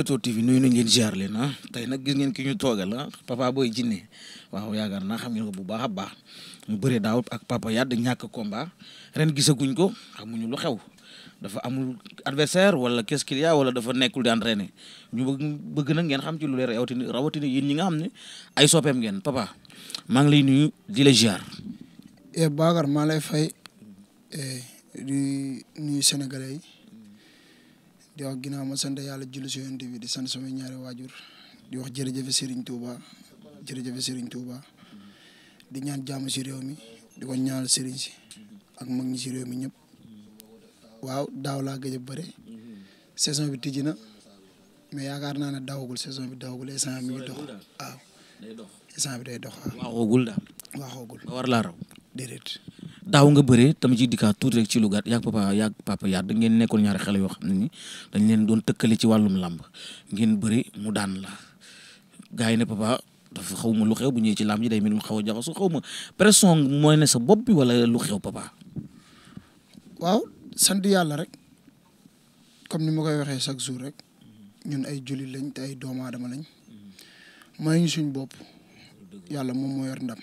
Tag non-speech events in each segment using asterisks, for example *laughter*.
Leewtoo TV nuyu nañ leen ziar leen ah tey nag gis ngeen ki ñu toogal ah Papa Boy Djiné waaw yaakaar naa xam ngeen ko bu baax a baax mu bëre daaw ak Papa Yade ñàkk combat ren gisaguñ ko xamuñu lu xew dafa amul adversaire wala qu'est-ce qu'il y a wala dafa nekkul di entraîné ñu bëgg bëgg nag ngeen xam ci lu leer rawatina rawatina yéen ñi nga xam ne ay soppeem ngeen papa maa ngi lay nuyu di la ziar. Eh, Bakar maa lay fay eh, di nuyu sénégalais yi. di wax ginnaaw ma sant yàlla julli si yonent bi di sant sama ñaari waajur di wax jërëjëf Serigne Touba jërëjëf Serigne Touba di ñaan jàmm si réew mi di ko ñaan Serigne si ak mag ñi si réew mi ñëpp waaw daaw laa gëj a saison bi tijji na mais yaakaar naa ne dawagul saison bi dawagul instant mi ngi dox waaw instant bi day dox waaw. waxoogul daal waxoogul. war daaw nga bëree tam ci dikka tuuti rek ci lu gàtt yaag papa yaag papa yaag da ngeen nekkoon ñaari yoo xam ne ni dañ leen doon tëkkale ci wàllum làmb ngeen bëri mu daan la gars yi ne papa dafa xaw ma lu xew bu ñëwee ci làmb ji day mel mu xaw a jaxasoo xaw ma pression mooy ne sa bopp bi wala lu xew papa. waaw sant yàlla rek comme ni ma koy waxee chaque jour rek ñun ay jullit lañ te ay doomu aadama lañ may ñu suñ bopp yàlla moom moo yor ndam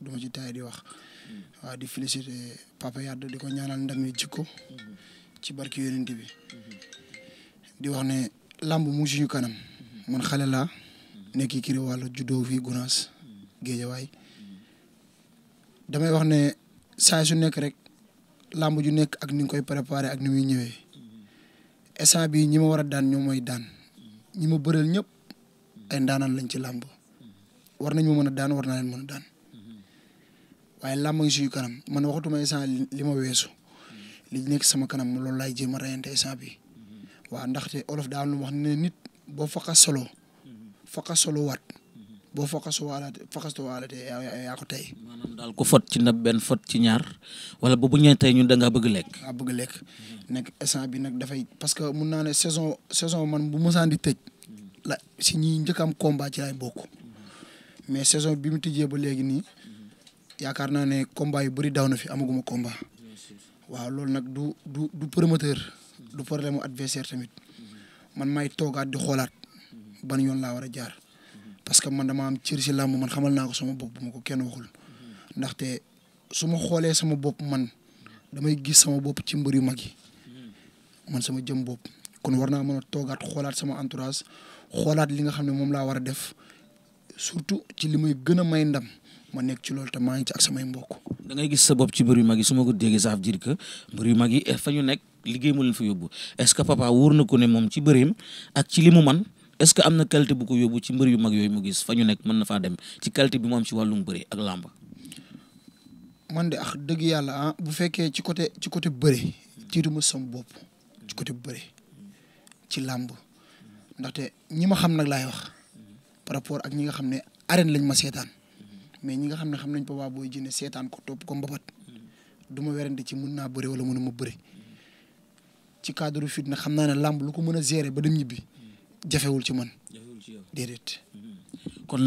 duma ci taay di wax. waaw di félicité Papa Yade di ko ñaanal ndam yi jikko ci barki bi di wax ne làmb mu suñu kanam man xale laa nekk kiri wàllu juddoo fii Gunaas Géejawaay damay wax ne saa su nekk rek làmb ju nekk ak ni nga koy préparé ak ni muy ñëwee instant bi ñi ma war a daan ñoom mooy daan ñi ma bëreel ñëpp ay ndaanaan lañ ci làmb war nañ ma mën a daan war na leen mën a daan waaye làmb ngi suñu kanam man waxatuma instant li ma weesu li nekk sama kanam loolu laay jéem a reyante instant bi waaw ndaxte olof daal lu wax ne nit boo faqa solo faqa waat boo faqa soo waalaatee faqa soo tey. maanaam daal ku fot ci na benn foot ci ñaar wala boobu bu ñun da bëgg lekk. bëgg lekk nekk instant bi nag dafay parce que mun naa ne saison saison man bu mosaan di tëj la si ñi njëkkam am combat ci mais saison bi mu tijjee ba léegi nii. yaakaar naa ne combat yu bëri daw na fi amaguma combat waaw loolu nag du du du promoteur du problème mu adversaire tamit man may toogaat di xoolaat ban yoon laa war a jaar parce que man dama am si làmb man xamal naa ko sama bopp bu ma ko kenn waxul ndaxte su ma xoolee sama bopp man damay gis sama bopp ci mbër yu mag yi man sama jëm bopp kon war naa mën a toogaat xoolaat sama entourage xoolaat li nga xam ne moom laa war a def surtout ci li may gën a may ndam. ma nekk ci loolu te maa ngi ci ak samay mbokk. dangay gis sa bopp ci mbër yu mag yi suma ko déggee sax veut dire que mbër yu mag yi eh, fa ñu nekk liggéey mu leen fa est-ce que papa wóor na ko ne moom ci bëreem ak ci li mu man est-ce que am na qualité ko yóbbu ci mbër yu mag yooyu mu gis fa ñu nekk mën na faa dem ci qualité bi moom am ci wàllum bëri ak làmb. man de ax ah, dëgg yàlla ah bu fekkee ci côté ci côté bëri jiitu ma sama bopp ci côté bëri ci làmb ndaxte ñi ma xam nag laay wax par rapport ak ñi nga xam ne arène lañ ma seetaan. mais ñi nga xam ne xam nañ Papa Boy Djiné seetaan ko topp ko mbabat du ma werante ci mun naa bëre wala na ma bëre ci cadre fit xam naa ne làmb lu ko mën a gérer ba dem ñibbi jafewul ci man déedéet. Mm-hmm. kon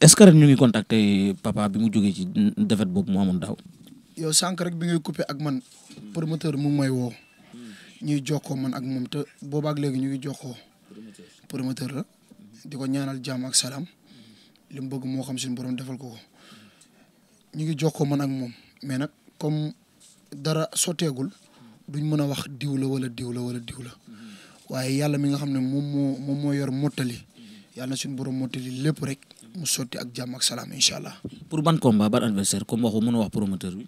est-ce que ñu ngi contacter papa bi mu jógee ci defet boobu mu amoon daaw. yow sànq rek bi ngay coupé ak man promoteur mu may woo mm-hmm. ñuy jokkoo man ak moom te boobaak léegi ñu ngi jokkoo promoteur la di ko ñaanal jàmm ak salaam. li mu bëgg moo xam suñu borom defal ko ñu ngi jox ko man ak moom mais nag comme dara sotteegul duñ mën a wax diw la wala diw la wala diw la waaye yàlla mi nga xam ne moom moo moom moo yor mottali yàlla na suñu borom mottali lépp rek mu sotti ak jàmm ak salaam incha allah. pour ban combat ban adversaire comme waxu mën a wax promoteur bi.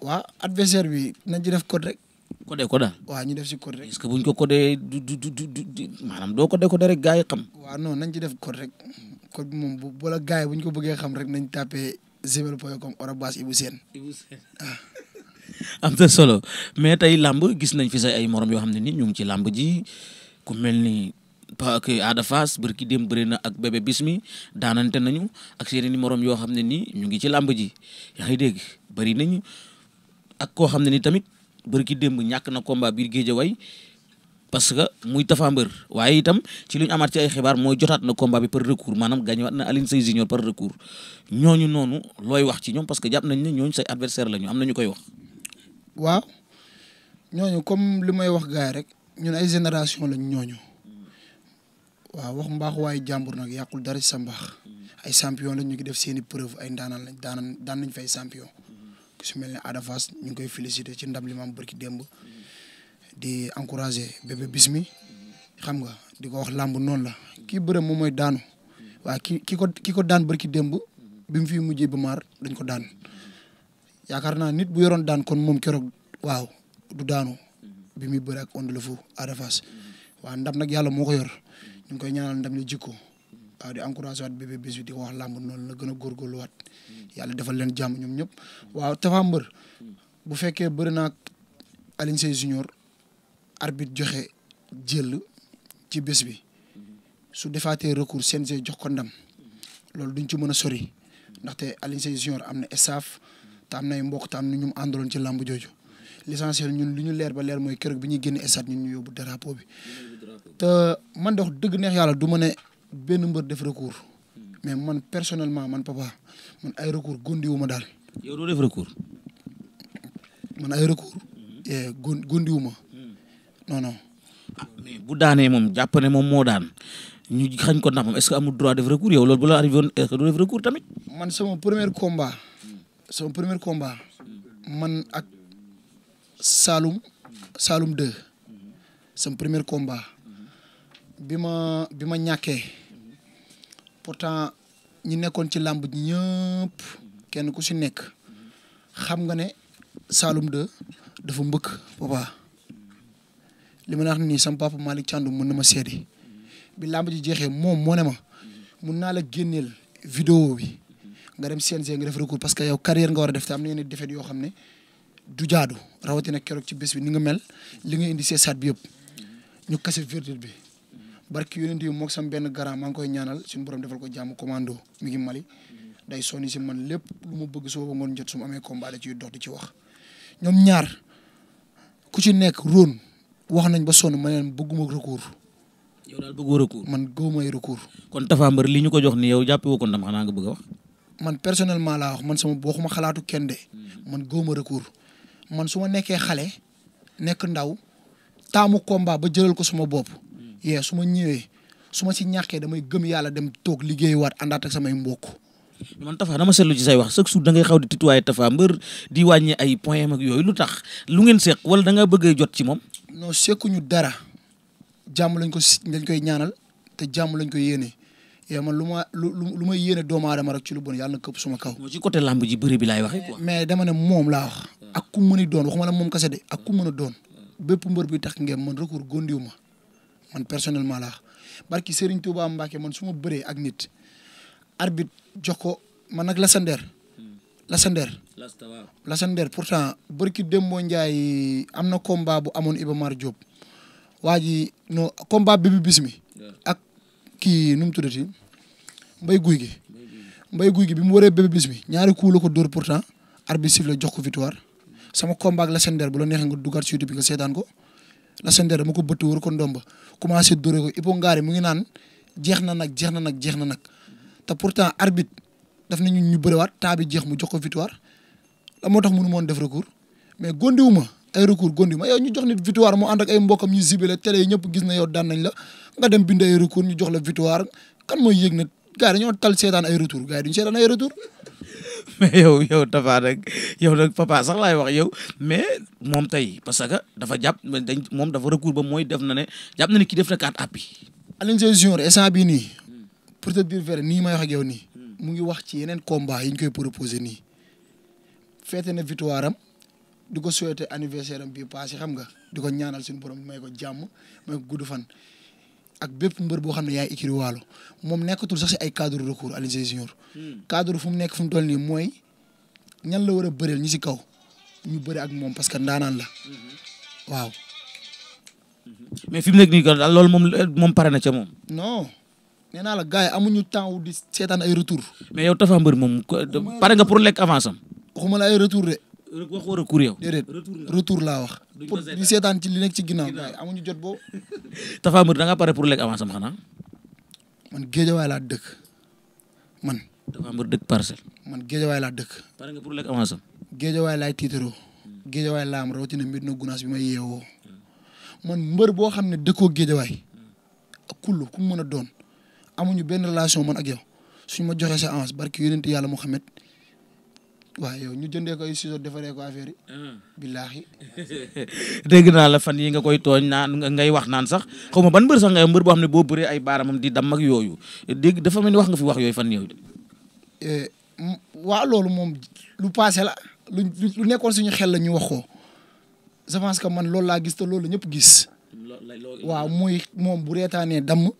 waaw adversaire bi nañ ci def code rek. code ko daal. waaw ñu def si code rek. est-ce que ko codee du du du maanaam doo code code rek gars yi xam. waaw non nañ ci def code rek code moom bu bala gars yi bu ñu ko bëggee xam rek nañ tapé gmail point com arobase Ibou Sène. Ibou Sène ah. *laughs* am na solo mais tey làmb gis nañ fi say ay morom yoo xam ne ni ñu ngi ci làmb ji ku mel ni Pa ak Ada bër ki dem bëri na ak bébé bismi daanante nañu ak seeni morom yoo xam ne ni ñu ngi ci làmb ji yaa ngi dégg bëri nañu ak koo xam ne ni tamit bër ki démb ñàkk na combat biir way parce que muy Tapha Mbeur waaye itam ci lu ñu amaat ci ay xibaar mooy jotaat na combat bi par recours maanaam gagné waat na Alioune Seye Junior par recours ñooñu noonu looy wax ci ñoom parce que jàpp nañ ne ñooñu say adversaire la ñu am na ñu koy wax. waaw ñooñu comme li may wax gars rek ñun ay génération lañ ñooñu waaw wax mbaax waaye jàmbur nag yàqul dara ci sa mbaax ay champion lañ ñu ngi def seen i preuve ay ndaanaan lañ daan daan nañ fay champion su mel ne Ada Fass ñu ngi koy féliciter ci ndam li ma am barki démb. di encourager bébé bismi xam nga di ko wax làmb noon la kii bëre moom mooy daanu waaw ki ki ko ki ko daan bërki démb bi mu fi mujjee ba maar dañ ko daan yaakaar naa nit bu yoroon daan kon moom keroog waaw du daanu bi muy bëre ak Onde le Fou Ada ndam nag yàlla moo ko yor ñu koy ñaanal ndam li jikko waaw di encouragé waat bébé bis di ko wax làmb noonu la gën a góorgóorluwaat yàlla defal leen jàmm ñoom ñëpp waaw Tapha Mbeur bu fekkee bëri naa Junior arbitre joxe jël ci bés bi su defaatee recours CNG jox ko ndam loolu duñ ci mën a sori ndaxte Alioune Sèye Junior am na staff te am na ay mbokk te am na ñu àndaloon ci làmb jooju l'essentiel ñun li ñu leer ba leer mooy keroog bi ñuy génn stade ñun ñu yóbbu drapeau bi te man de wax dëgg neex yàlla du ma benn mbër def recours mais man personnellement man papa man ay recours gondiwu ma daal. yow doo def recours. man ay recours. Eh, gondiwu ma. non non. ah bu daanee moom jàpp ne moom moo daan ñu xañ ko ndax moom est-ce que amul droit def recours yow loolu bu la arrivé woon est-ce que du def recours tamit. man sama premier combat. sama premier combat. man ak Saloum. Saloum 2. sama premier combat. bi ma bi ma ñàkkee. pourtant ñu nekkoon ci làmb ñëpp. kenn ku si nekk. xam nga ne Saloum 2 dafa mbëkk Papa. li ma la wax nii sama papa Malick Thiandoum mën na ma seede bi làmb ji jeexee moom moo ne ma mun naa la génneel vidéo bi nga dem CNG nga def recours parce que yow carrière nga war a def te am na yenn défaite yoo xam ne du jaadu rawatina keroog ci bés bi ni nga mel li nga indi seesaat bi yëpp ñu kase verdict bi barki yonent yi moog sam benn garant maa ngi koy ñaanal suñu borom defal ko jàmm commando mi ngi Mali day sonni si man lépp lu ma bëgg soo ba ngoon jot su ma amee combat da ciy dox di ci wax ñoom ñaar ku ci nekk róon wax nañ ba sonn ma leen bëgguma recours. yow daal bëggoo recours. man gëwumay recours. kon Tapha Mbeur lii ñu ko jox ni yow jàppee woo ko ndam xanaa nga bëgg a wax. man personnellement laa wax man sama waxuma xalaatu kenn de man gëwuma recours man su ma nekkee xale nekk ndaw taamu combat ba jëlal ko suma bopp. Hmm. yee su ma ñëwee suma si ñàkkee damay gëm yàlla dem toog liggéey waat àndaat samay mbokk. man Tafa dama seetlu ci say wax chaque jour da ngay xaw di tituwaay Tafa mbër di wàññi ay point ak yooyu lu tax lu ngeen seq wala da ngaa bëgg jot ci moom. non sequñu dara jàmm lañ ko si lañ koy ñaanal te jàmm lañ koy yéene yow eh, man lu ma lu lu may yéene doomu aadama rek ci lu bon yàlla na këpp suma kaw. ci côté làmb ji bëri bi laay waxee quoi. dama moom laa wax. ku mën a doon waxuma la moom kese de ak ku mën a doon. bépp mbër bi tax ngeen man recours gondiw ma man personnellement laa wax barki Serigne Touba Mbacke man su ma bëree ak nit arbitre jox ko man nag hmm. Lassane Der. Lassane Der. Lassane Der pourtant barki Demba am na combat bu amoon Iba Mar Diop. waa ji non combat bi bi bis ak kii nu mu tuddati mbay guy gi. mbay guy gi bi mu waree bébé bis bi ñaari coup ko dóor pourtant arbitre siffle jox ko victoire sama combat ak Lassane Der bu la neexee nga duggaat si YouTube bi nga seetaan ko Lassane Der dama ko bëtt wër ko ndomba commencé dóore ko Ibo Ngari mu ngi naan jeex na nag jeex na nag jeex na nag te pourtant arbitre daf na ñu bëriwaat temps bi jeex mu jox ko victoire la moo tax mënu moon def recours mais gondiwu ma ay recours gondiwu ma yow ñu jox nit victoire mu ànd ak ay mbokkam ñu zibile télé yi ñëpp gis na yow daan nañ la nga dem bind ay recours ñu jox la victoire kan mooy yëg ne gars yi dañoo tal seetaan ay retour gars yi duñu seetaan ay retour *laughs* mais yow yow Tapha nag yow nag papa sax laay wax yow mais moom tey parce que dafa jàpp dañ moom dafa recours ba mooy def na ne jàpp na ne kii def na kaat appi Alioune Sèye bii nii pour te dire vrai nii may wax ak yow hmm. ngi wax ci yeneen combat yi ñu koy proposé nii. feete na victoire am di ko souhaité anniversaire am bii passé xam nga di ko ñaanal suñu borom may ko jàmm may ko gudd fan. ak bépp mbër boo xam ne yaay écrit waalo moom nekkatul sax si ay cadre recours Alioune Sèye Junior. Hmm. cadre fu mu nekk fu mu toll nii mooy ñan la war a bëreel ñu si kaw ñu bëri ak moom parce que ndaanaan la hmm. waaw. fi mu nekk nii daal loolu moom moom pare na ca moom. non. nee naa la gars yi amuñu temps wu di seetaan ay retour mais yow Tapha Mbeur moom pare nga pour lekk avance am. waxuma la ay retour de. waxoo recours retour laa wax. pour ñu seetaan ci li nekk ci ginnaaw gars yi amuñu jot boobu. *laughs* Tapha Mbeur da pare pour lekk avance am xanaa. man géejawaay laa dëkk man. Tapha Mbeur dëkk parcelle. man géejawaay la dëkk. pare nga pour lekk avance am. géejawaay laay tiitaroo. Hmm. géejawaay laa am rawatina mbir na gunaas bi ma yeewoo. Hmm. man mbër boo xam ne dëkkoo géejawaay. Hmm. ak kullu mën a doon. amuñu benn relation man ak yow suñ ma joxee sa avance barki yonent yàlla Muhammad waaw yow ñu jëndee ko si ciseaux defaree ko affaire yi. Hmm. billaahi. *laughs* dégg naa la fan yi nga koy tooñ naan nga ngay wax naan sax xaw ma ban mbër sax nga mbër boo xam ne boo bëree ay baaramam di damm ak yooyu dégg dafa mel ni wax nga fi wax yooyu fan yooyu. Eh, waaw loolu moom lu passé la lu lu nekkoon suñu xel la ñu wax ko je que man loolu laa gis te lool la ñëpp gis. waaw muy moom bu reetaanee damm.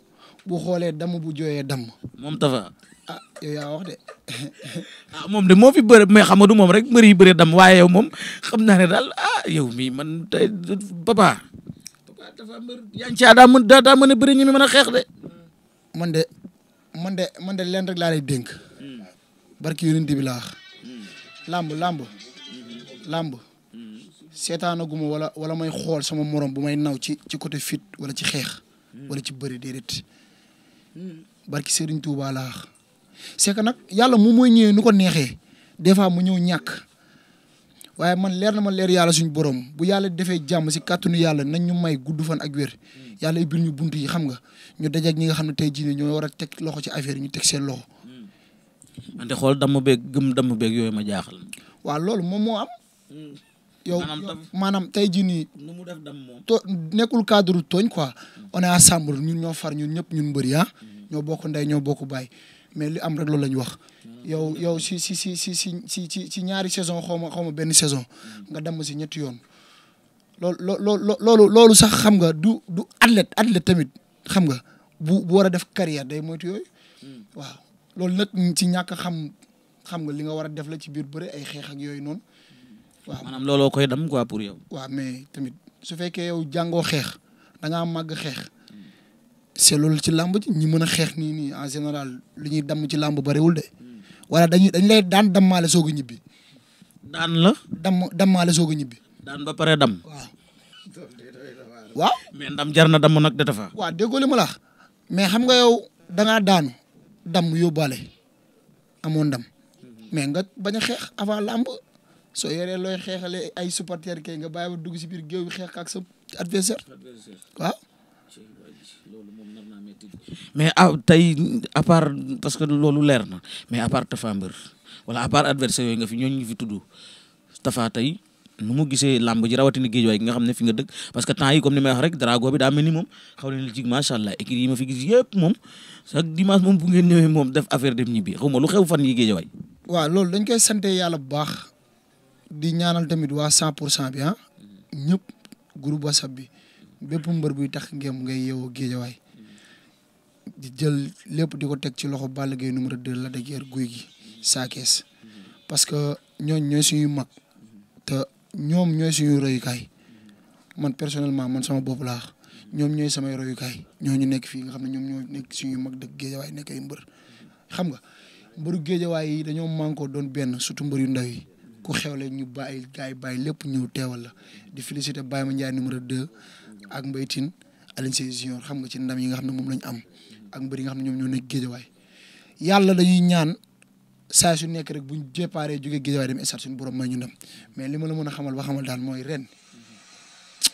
bu xoolee damm bu jooyee damm. moom Tapha. ah yow wax de. *laughs* ah moom de moo fi bëre mais xam nga moom rek mbari yi bëre damm waaye yow moom xam naa ne daal ah yow mii man tey papa. papa dafa mbër yaa ngi caa a bëri a man de man de man de leen rek laa lay dénk. Hmm. barki yonent bi laa làmb làmb làmb seetaanaguma wala wala may xool sama moroom bu may naw ci ci côté fit wala ci xeex. Hmm. wala ci bëri déedéet. barki seer Touba laax c'est nag yàlla moom mooy ñëwee nu ko neexee des fois mu ñëw ñàkk waaye man leer na ma leer yàlla suñu borom bu yàlla defee jàmm si kàttanu yàlla nañ ñu may gudd fan ak wér yàlla ibbil ñu bunt yi xam nga ñu dajeeg ñi nga xam ne tey jii ñoo war a teg loxo ci affaire ñu teg seen loxo. wante xool damm beeg gëm damm beeg yooyu ma jaaxal. waaw loolu moom moo am. yow maanaam tey jii nii. nu mu def dam moom. to nekkul cadre tooñ quoi. on est ñun ñoo far ñun ñëpp ñun mbëri mm-hmm. ñoo bokku ndey ñoo bokku baay mais li am rek loolu la ñu wax. yow yow si si si si si si si si ñaari saison xaw ma xaw benn saison. Mm-hmm. nga dem si ñetti yoon. loo loolu loolu sax xam nga du du athlète athlète tamit xam nga bu a def carrière day moytu mm. waaw loolu nag ci ñàkk xam xam nga li nga war a def la ci biir bëre ay xeex ak yooyu noonu. waaw maanaam looloo koy dam quoi pour yow. waaw mais tamit su fekkee yow jàngoo xeex da ngaa màgg xeex. c'est loolu ci làmb ji ñi mën a xeex nii nii en général li ñuy damm ci làmb bariwul de. Hmm. wala dañuy dañ lay daan dammaale soog a ñibbi. daan la. damm dammaale soog a ñibbi. daan ba pare dam waaw. mais ndam jar na damm nag de tafa. waaw déggoo mais xam nga yow da ngaa daanu damm yóbbaale amoon dam hmm. mais nga bañ xeex avant làmb soo yoree looy xeexalee ay supporter kay nga bàyyi ba dugg si biir géew bi xeex ak sa adversaire waaw. mais ah tey à part parce que loolu leer na mais a part Tapha Mbeur wala a part adversaire yooyu nga fi ñooñu fi tudd Tapha tey nu mu gisee làmb ji rawatina géej waay nga xam ne fi nga dëkk parce que temps yi comme ni may wax rek drago bi daa mel ni moom xaw leen jig macha allah équipe yi ma fi gis yëpp moom chaque dimanche moom bu ngeen moom def affaire dem ñibbi xaw ma lu bu baax. di ñaanal tamit waa 100 pour cent bi ah ñëpp groupe whatsapp bi bépp mbër buy tax ngéem ngay yeewoo géejawaay di jël lépp di ko teg ci loxo Balla Gaye numéro 2 la de guerre guy gi saa kees parce que ñooñ ñooy suñuy mag te ñoom ñooy suñuy royukaay man personnellement man sama bopp ñoom ñooy samay royukaay ñooñu nekk fii nga xam ne ñoom ñoo nekk suñuy mag dëkk géejawaay nekk ay mbër xam nga mbëru géejawaay yi dañoo ko doon benn surtout mbër yu ndaw yi ku xewle ñu bàyyi gars yi bàyyi lépp ñëw teewal la di féliciter Baye Mandiaye numéro 2 ak Mbaye xam nga ci ndam yi nga xam ne moom lañ am ak mbër yi nga xam ne ñoom ñoo nekk géejawaay yàlla dañuy ñaan saa nekk rek buñ jéparee jógee géejawaay dem stade suñu borom may ñu ndam mais li ma la mën a xamal ba xamal daal mooy ren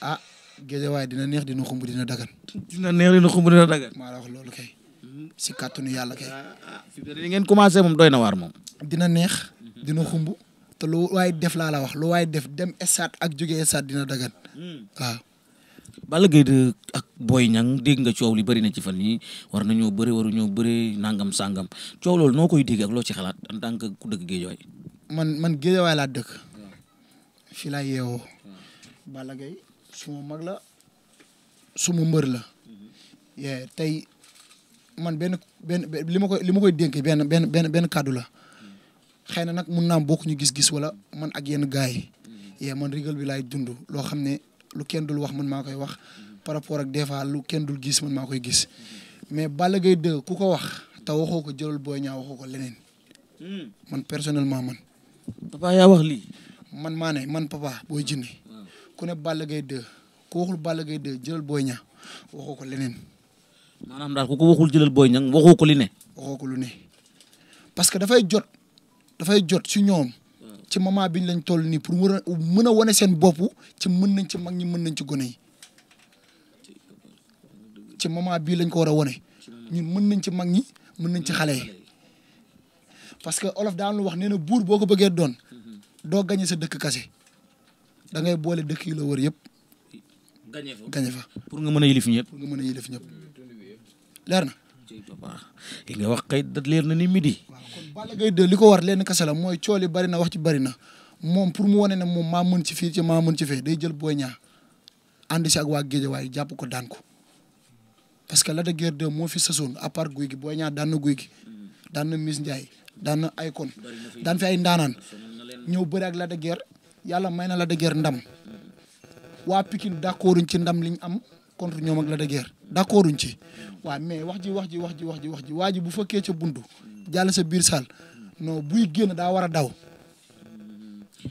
ah géejawaay dina neex dina xumb dina dagan. dina neex dina xumb dina dagan. maa la wax loolu kay. si kàttanu yàlla kay. ah, ah, ah. ngeen commencé moom doy na waar moom. neex dina xumb. te lu waaye def laa la wax lu waaye def dem stade ak jóge stade dina dagan hmm. Balla Gaye de Boy Niang dégg nga coow li bari na ci fan yi war nañoo bëri ñoo bari nangam sangam coow loolu noo koy dégg ak loo ci xalaat en tant ku dëkk géejawaay. man man géejawaay laa dëkk. Hmm. fii laa hmm. Balla Gaye suma mag la suma mbër la. tey man benn benn li ma koy li ma koy dénk benn benn benn benn kàddu la. xëy na nag mun naa ñu gis-gis wala man ak yenn gars yi yee man rigal bi laay dund loo xam ne lu kenn dul wax man maa koy wax par rapport ak des fois lu kenn dul gis man maa koy gis mais Balla Gaye 2 ku ko wax te waxoo ko jëlal Boy Niang waxoo ko leneen hmm. man personnellement man. papa yaa wax lii. man maa ne man papa Boy Djiné hmm. ku ne Balla Gaye 2 ku waxul Balla Gaye 2 jëlal Boy Niang waxoo ko leneen. maanaam daal ku ko jëlal Boy Niang waxoo ko li ne. lu ne parce que dafay jot. dafay jot si ñoom. ci moment biñ lañ toll nii pour mën a mën a wane seen bopp ci mën nañ ci mag ñi mën nañ ci gone yi ci bii lañ ko war a wane ñun mën nañ ci mag ñi mën nañ ci xale yi parce que olof daan lu wax nee na buur boo ko bëggee doon doo gañe sa dëkk kase dangay boole dëkk yi la war yëpp. gañe fa gañe pour nga mën a yilif ñëpp. mën a yilif ñëpp leer na. li nga wax kay da leer na ni midi. waaw kon Balla Gaye li ko war leen kese la mooy cool yi bari na wax ci bari na moom pour mu wane ne moom maa mën ci fii ci maa mën ci fee day jël Boy Niang ànd si ak waa waaye jàpp ko daan ko parce que la de Guiers moo fi sasoon à part guy gi Boy Niang daan na guy gi daan na Miss Ndiaye daan na Akon daan fi ay ndaanaan ñëw bëri ak Lac de yàlla may na la de Guiers ndam waa Pikine d'accorduñ ci ndam liñ am contre ñoom ak Lac de d'accorduñ ci waaw mais wax ji wax ji wax ji wax ji wax ji waa ji bu fekkee ca buntu jàll sa biir saal non buy génn daa war a daw.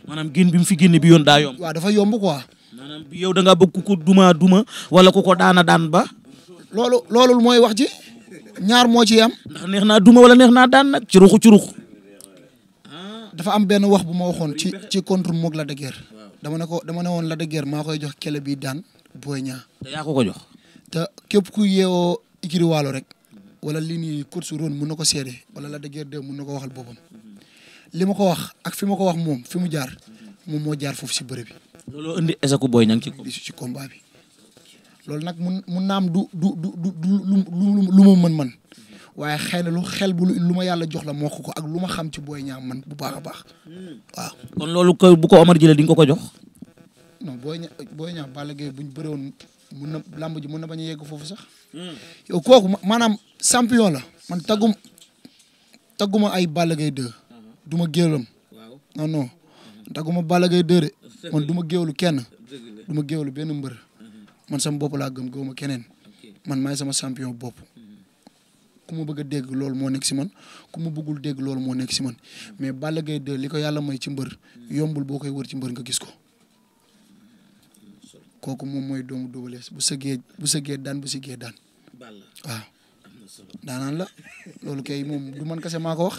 maanaam génn bi mu fi génn bi yoon daa yomb. waa dafa yomb quoi. maanaam bi yow bëgg ku ko duma duma wala ku ko daana daan ba. loolu loolu mooy wax ji ñaar moo ci am. neex naa duma wala neex naa daan nag ci ruxu ci ruxu. dafa am benn wax bu ma waxoon ci ci contre moog la de dama ne ko dama ne woon la de guerre maa koy jox kele bi daan booy ñaa. yaa ko ko jox. te képp ku yewoo ikiri waalo rek wala lii nii course ron mun na ko seede wala la dëgër de mun na ko waxal boppam li ma ko wax ak fi ma ko wax moom fi mu jaar moom moo jaar foofu si bërëb bi. looloo indi échec Boy Niang ci combat bi loolu nag mun mun naam du du du du lu lu mu mën man waaye xëy na lu xel bu lu ma yàlla jox la moo ko ko ak lu ma xam ci booy ñaam man bu baax a baax waaw. kon loolu ko bu ko Omar jëlee di nga ko ko jox. non Boy Niang Boy Niang buñ bëre woon mun na làmb ji mun na bañ a yegg foofu sax. Hmm. yow kooku maanaam champion la man taggum tagguma ay Balla Gaye 2. Hmm. du ma géwlam. non non tagguma Balla gay 2 de man du ma géwlu kenn du géwlu benn mbër hmm. man sama bopp laa gëm gëwuma keneen man maay sama champion bopp. ku ma bëgg dégg loolu moo nekk si man ku ma bëggul dégg loolu moo nekk si man mais Balla Gaye 2 li ko yàlla may ci mbër yombul boo koy wër ci mbër nga gis ko. kooku moom mooy doomu Double bu sëggee bu sëggee daan bu sëggee daan waaw daanaan la loolu kay moom du man kese maa ko wax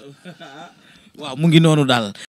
*laughs* waaw mu ngi noonu daal